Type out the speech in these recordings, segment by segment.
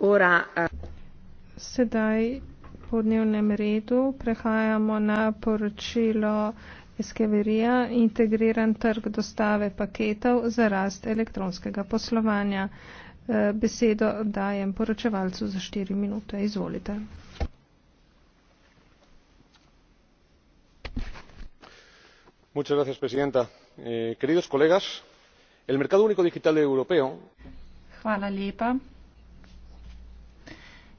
ura. Eh. Sedaj po dnevnem redu prehajamo na poročilo Eskeverija integriran trg dostave paketov za rast elektronskega poslovanja. Eh, besedo dajem poročevalcu za 4 minute. Izvolite. Muchas gracias, presidenta. Eh, queridos colegas, el mercado único digital europeo. Hvala lepa.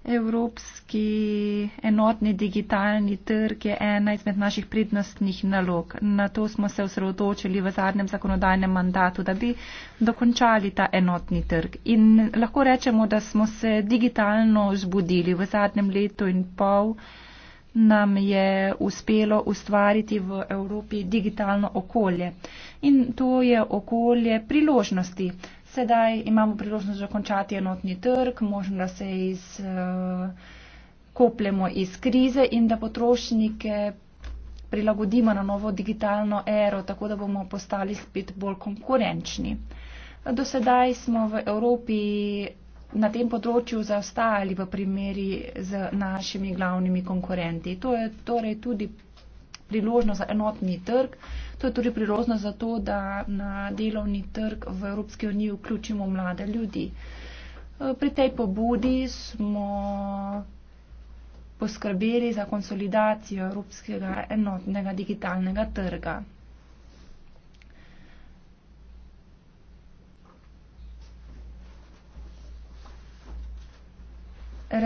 Evropski enotni digitalni trg je ena izmed naših prednostnih nalog. Na to smo se osredotočili v zadnjem zakonodajnem mandatu, da bi dokončali ta enotni trg. In lahko rečemo, da smo se digitalno zbudili. V zadnjem letu in pol nam je uspelo ustvariti v Evropi digitalno okolje. In to je okolje priložnosti sedaj imamo priložnost zakončati enotni trg, možno, da se iz, eh, koplemo iz krize in da potrošnike prilagodimo na novo digitalno ero, tako da bomo postali spet bolj konkurenčni. Do sedaj smo v Evropi na tem področju zaostajali v primeri z našimi glavnimi konkurenti. To je torej tudi priložnost za enotni trg. To je tudi priložnost za to, da na delovni trg v Evropski uniji vključimo mlade ljudi. E, pri tej pobudi smo poskrbeli za konsolidacijo Evropskega enotnega digitalnega trga.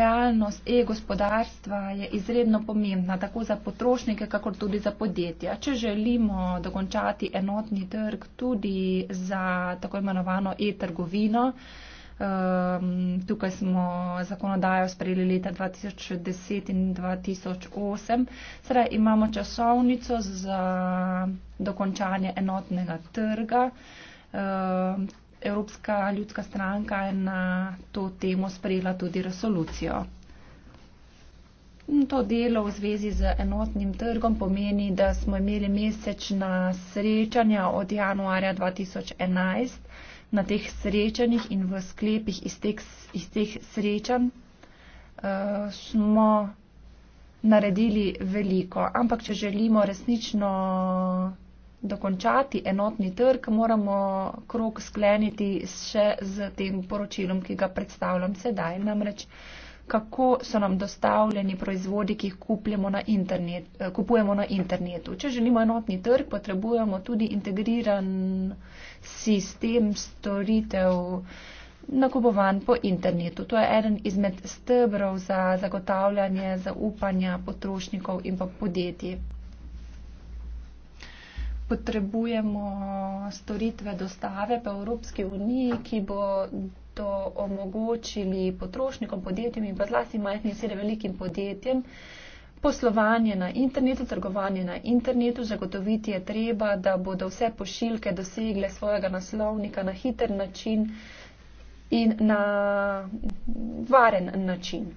realnost e-gospodarstva je izredno pomembna, tako za potrošnike, kakor tudi za podjetja. Če želimo dokončati enotni trg tudi za tako imenovano e-trgovino, ehm, tukaj smo zakonodajo sprejeli leta 2010 in 2008, sedaj imamo časovnico za dokončanje enotnega trga. Ehm, Evropska ljudska stranka je na to temo sprejela tudi resolucijo. To delo v zvezi z enotnim trgom pomeni, da smo imeli mesečna srečanja od januarja 2011. Na teh srečanjih in v sklepih iz teh, iz teh srečanj uh, smo naredili veliko, ampak če želimo resnično dokončati enotni trg, moramo krok skleniti še z tem poročilom, ki ga predstavljam sedaj. Namreč, kako so nam dostavljeni proizvodi, ki jih na internet, eh, kupujemo na internetu. Če želimo enotni trg, potrebujemo tudi integriran sistem storitev nakupovan po internetu. To je eden izmed stebrov za zagotavljanje zaupanja potrošnikov in pa podjetij potrebujemo storitve dostave v Evropski uniji, ki bo to omogočili potrošnikom, podjetjem in pa zlasti majhnim in srednjim velikim podjetjem. Poslovanje na internetu, trgovanje na internetu, zagotoviti je treba, da bodo vse pošiljke dosegle svojega naslovnika na hiter način in na varen način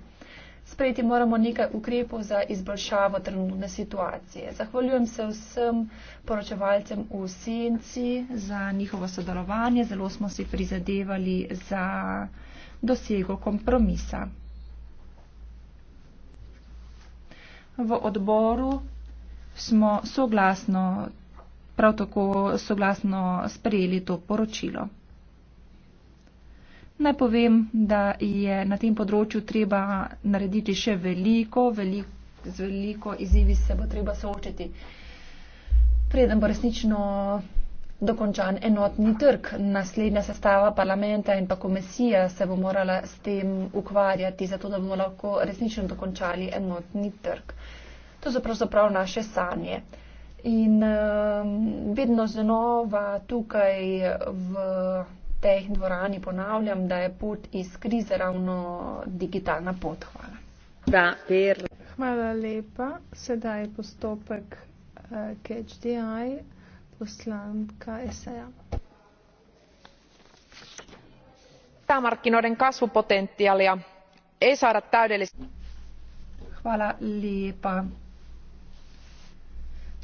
sprejeti moramo nekaj ukrepov za izboljšavo trenutne situacije. Zahvaljujem se vsem poročevalcem v senci za njihovo sodelovanje. Zelo smo si prizadevali za dosego kompromisa. V odboru smo soglasno, prav tako soglasno sprejeli to poročilo. Naj povem, da je na tem področju treba narediti še veliko, veliko, z veliko izzivi se bo treba soočiti. Preden bo resnično dokončan enotni trg, naslednja sestava parlamenta in pa komisija se bo morala s tem ukvarjati, zato da bomo lahko resnično dokončali enotni trg. To so pravzaprav naše sanje. In um, vedno znova tukaj v tej dvorani ponavljam, da je pot iz krize ravno digitalna pot. Hvala. Da, Hvala lepa. Sedaj je postopek KHDI, eh, poslanka SEA. Tamarkinoren kasvu potencijalija ei saada täydellistä. Hvala lepa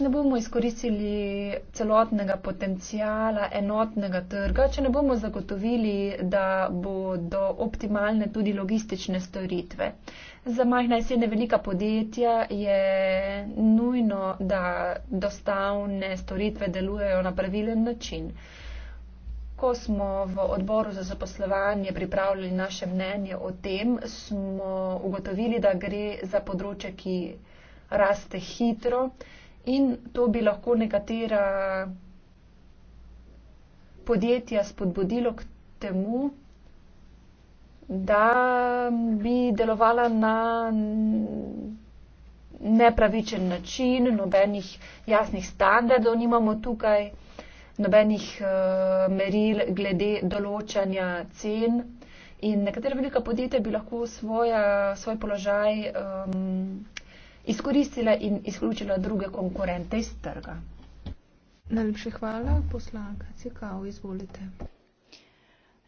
ne bomo izkoristili celotnega potencijala enotnega trga, če ne bomo zagotovili, da bodo optimalne tudi logistične storitve. Za majhna in srednje velika podjetja je nujno, da dostavne storitve delujejo na pravilen način. Ko smo v odboru za zaposlovanje pripravljali naše mnenje o tem, smo ugotovili, da gre za področje, ki raste hitro in to bi lahko nekatera podjetja spodbudilo k temu, da bi delovala na nepravičen način, nobenih jasnih standardov nimamo tukaj, nobenih eh, meril glede določanja cen. In nekatera velika podjetja bi lahko svoja, svoj položaj um, izkoristila in izključila druge konkurente iz trga. Najlepše hvala, poslanka Cikao, izvolite.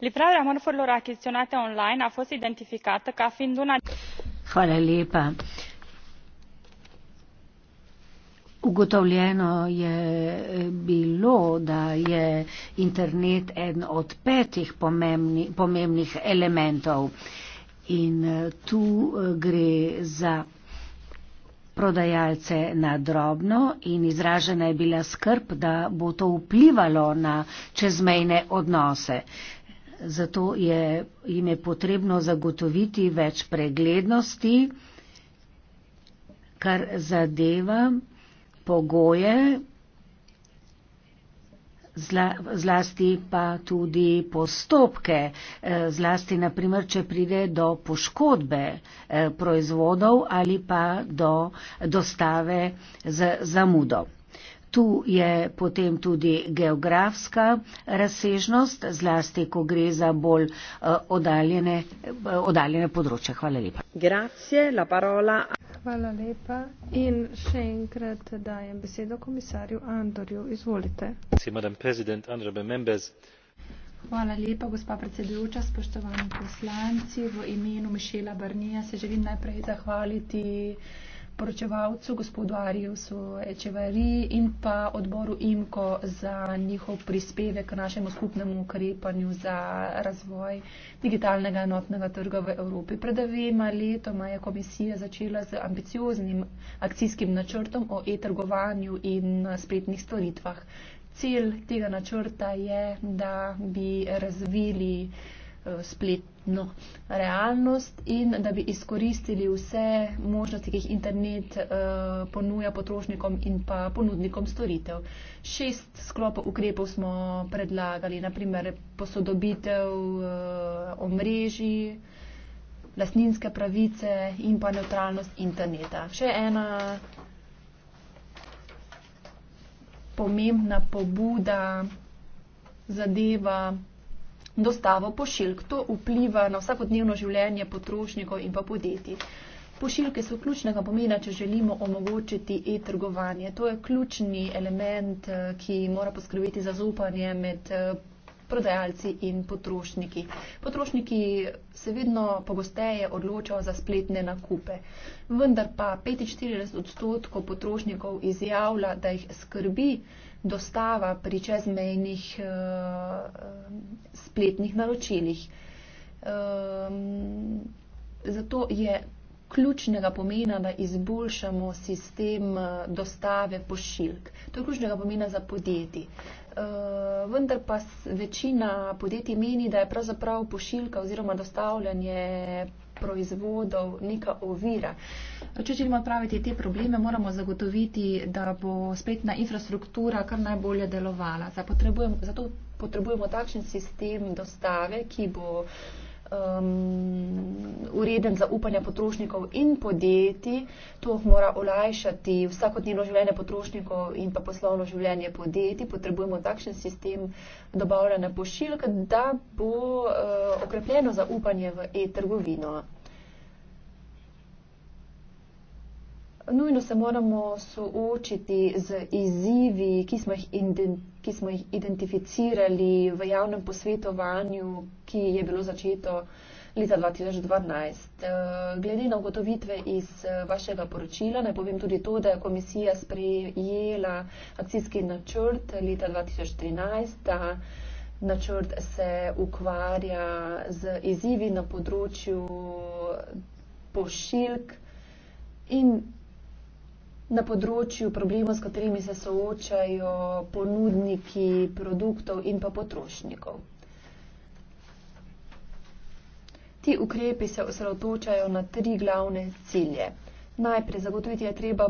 Livrarea mărfurilor achiziționate online a fost identificată ca fiind una... Hvala lepa. Ugotovljeno je eh, bilo, da je internet eden od petih pomembni, pomembnih elementov in eh, tu eh, gre za prodajalce na drobno in izražena je bila skrb, da bo to vplivalo na čezmejne odnose. Zato je jim je potrebno zagotoviti več preglednosti, kar zadeva pogoje zla, zlasti pa tudi postopke, eh, zlasti naprimer, če pride do poškodbe eh, proizvodov ali pa do dostave z zamudo. Tu je potem tudi geografska eh, razsežnost, zlasti, ko gre za bolj oddaljene, oddaljene področje. Hvala lepa. Hvala lepa. In še enkrat dajem besedo komisarju Andorju. Izvolite. Hvala lepa, gospa predsedujoča, spoštovani poslanci. V imenu Mišela Barnija se želim najprej zahvaliti poročevalcu, gospodu Arijusu Ečevari in pa odboru IMKO za njihov prispevek k našemu skupnemu ukrepanju za razvoj digitalnega enotnega trga v Evropi. Pred dvema letoma je komisija začela z ambicioznim akcijskim načrtom o e-trgovanju in spletnih storitvah. Cilj tega načrta je, da bi razvili Eh, spletno realnost in da bi izkoristili vse možnosti, ki jih internet eh, ponuja potrošnikom in pa ponudnikom storitev. Šest sklopov ukrepov smo predlagali, naprimer posodobitev eh, omrežji, lastninske pravice in pa neutralnost interneta. Še ena pomembna pobuda zadeva dostavo pošiljk. To vpliva na vsakodnevno življenje potrošnikov in pa podjetij. Pošiljke so ključnega pomena, če želimo omogočiti e-trgovanje. To je ključni element, eh, ki mora poskrbeti za zaupanje med eh, prodajalci in potrošniki. Potrošniki se vedno pogosteje odločajo za spletne nakupe, vendar pa 45 odstotkov potrošnikov izjavlja, da jih skrbi dostava pri čezmejnih uh, spletnih naročilih. Um, zato je ključnega pomena, da izboljšamo sistem eh, dostave pošiljk. To je ključnega pomena za podjetje. Eh, vendar pa večina podjetij meni, da je pravzaprav pošiljka oziroma dostavljanje proizvodov neka ovira. Če želimo odpraviti te probleme, moramo zagotoviti, da bo spletna infrastruktura kar najbolje delovala. Zato potrebujemo, zato potrebujemo takšen sistem dostave, ki bo. Uh, um, ureden zaupanja potrošnikov in podjetij. To mora olajšati vsakodnevno življenje potrošnikov in pa poslovno življenje podjetij. Potrebujemo takšen sistem dobavljanja pošiljk, da bo uh, okrepljeno zaupanje v e-trgovino. Nujno se moramo soočiti z izzivi, ki smo jih identificirali ki smo jih identificirali v javnem posvetovanju, ki je bilo začeto leta 2012. Eh, glede na ugotovitve iz eh, vašega poročila, naj povem tudi to, da je komisija sprejela akcijski načrt leta 2013. Načrt se ukvarja z izzivi na področju pošiljk in na področju problemov, s katerimi se soočajo ponudniki produktov in pa potrošnikov. Ti ukrepi se osredotočajo na tri glavne cilje. Najprej zagotoviti je treba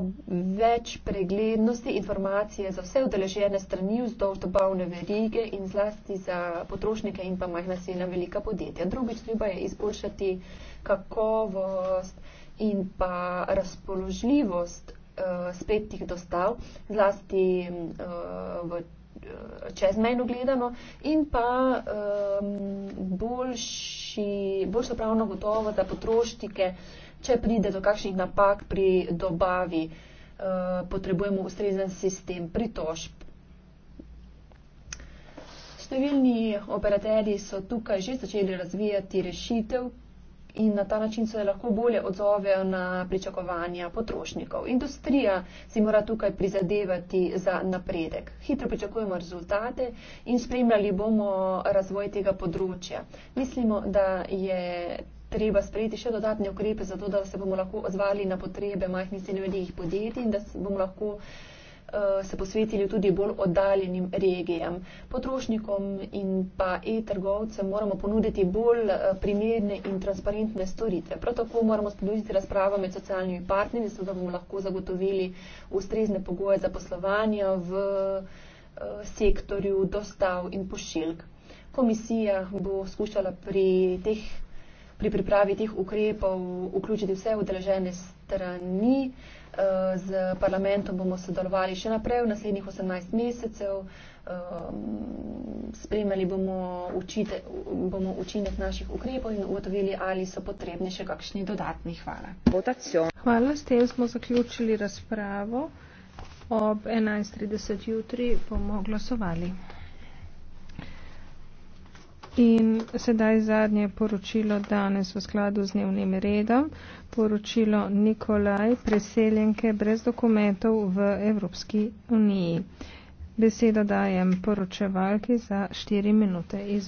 več preglednosti informacije za vse udeležene strani vzdolž dobavne verige in zlasti za potrošnike in pa majhna srednja velika podjetja. Drugič treba je izboljšati kakovost in pa razpoložljivost uh, spet tih dostav, zlasti uh, v, eh, čezmejno gledano in pa um, boljši, boljšo pravno gotovo za potrošnike, če pride do kakšnih napak pri dobavi, uh, potrebujemo ustrezen sistem pritožb. Številni operaterji so tukaj že začeli razvijati rešitev, in na ta način se lahko bolje odzovejo na pričakovanja potrošnikov. Industrija si mora tukaj prizadevati za napredek. Hitro pričakujemo rezultate in spremljali bomo razvoj tega področja. Mislimo, da je treba sprejeti še dodatne ukrepe, zato da se bomo lahko odzvali na potrebe majhnih in srednjih podjetij in da bomo lahko uh, Eh, se posvetili tudi bolj oddaljenim regijam. Potrošnikom in pa e-trgovcem moramo ponuditi bolj eh, primerne in transparentne storitve. Prav tako moramo spodbuditi razpravo med socialnimi partnerji, da bomo lahko zagotovili ustrezne pogoje za poslovanje v eh, sektorju dostav in pošiljk. Komisija bo skušala pri teh pri pripravi teh ukrepov vključiti vse udeležene strani. Z eh, parlamentom bomo sodelovali še naprej v naslednjih 18 mesecev. Ehm, spremljali bomo, učite, bomo učinek naših ukrepov in ugotovili, ali so potrebne še kakšni dodatni. Hvala. Hvala. S tem smo zaključili razpravo. Ob 11.30 jutri bomo glasovali. In sedaj zadnje poročilo danes v skladu z dnevnim redom. Poročilo Nikolaj, preseljenke brez dokumentov v Evropski uniji. Besedo dajem poročevalki za 4 minute. Iz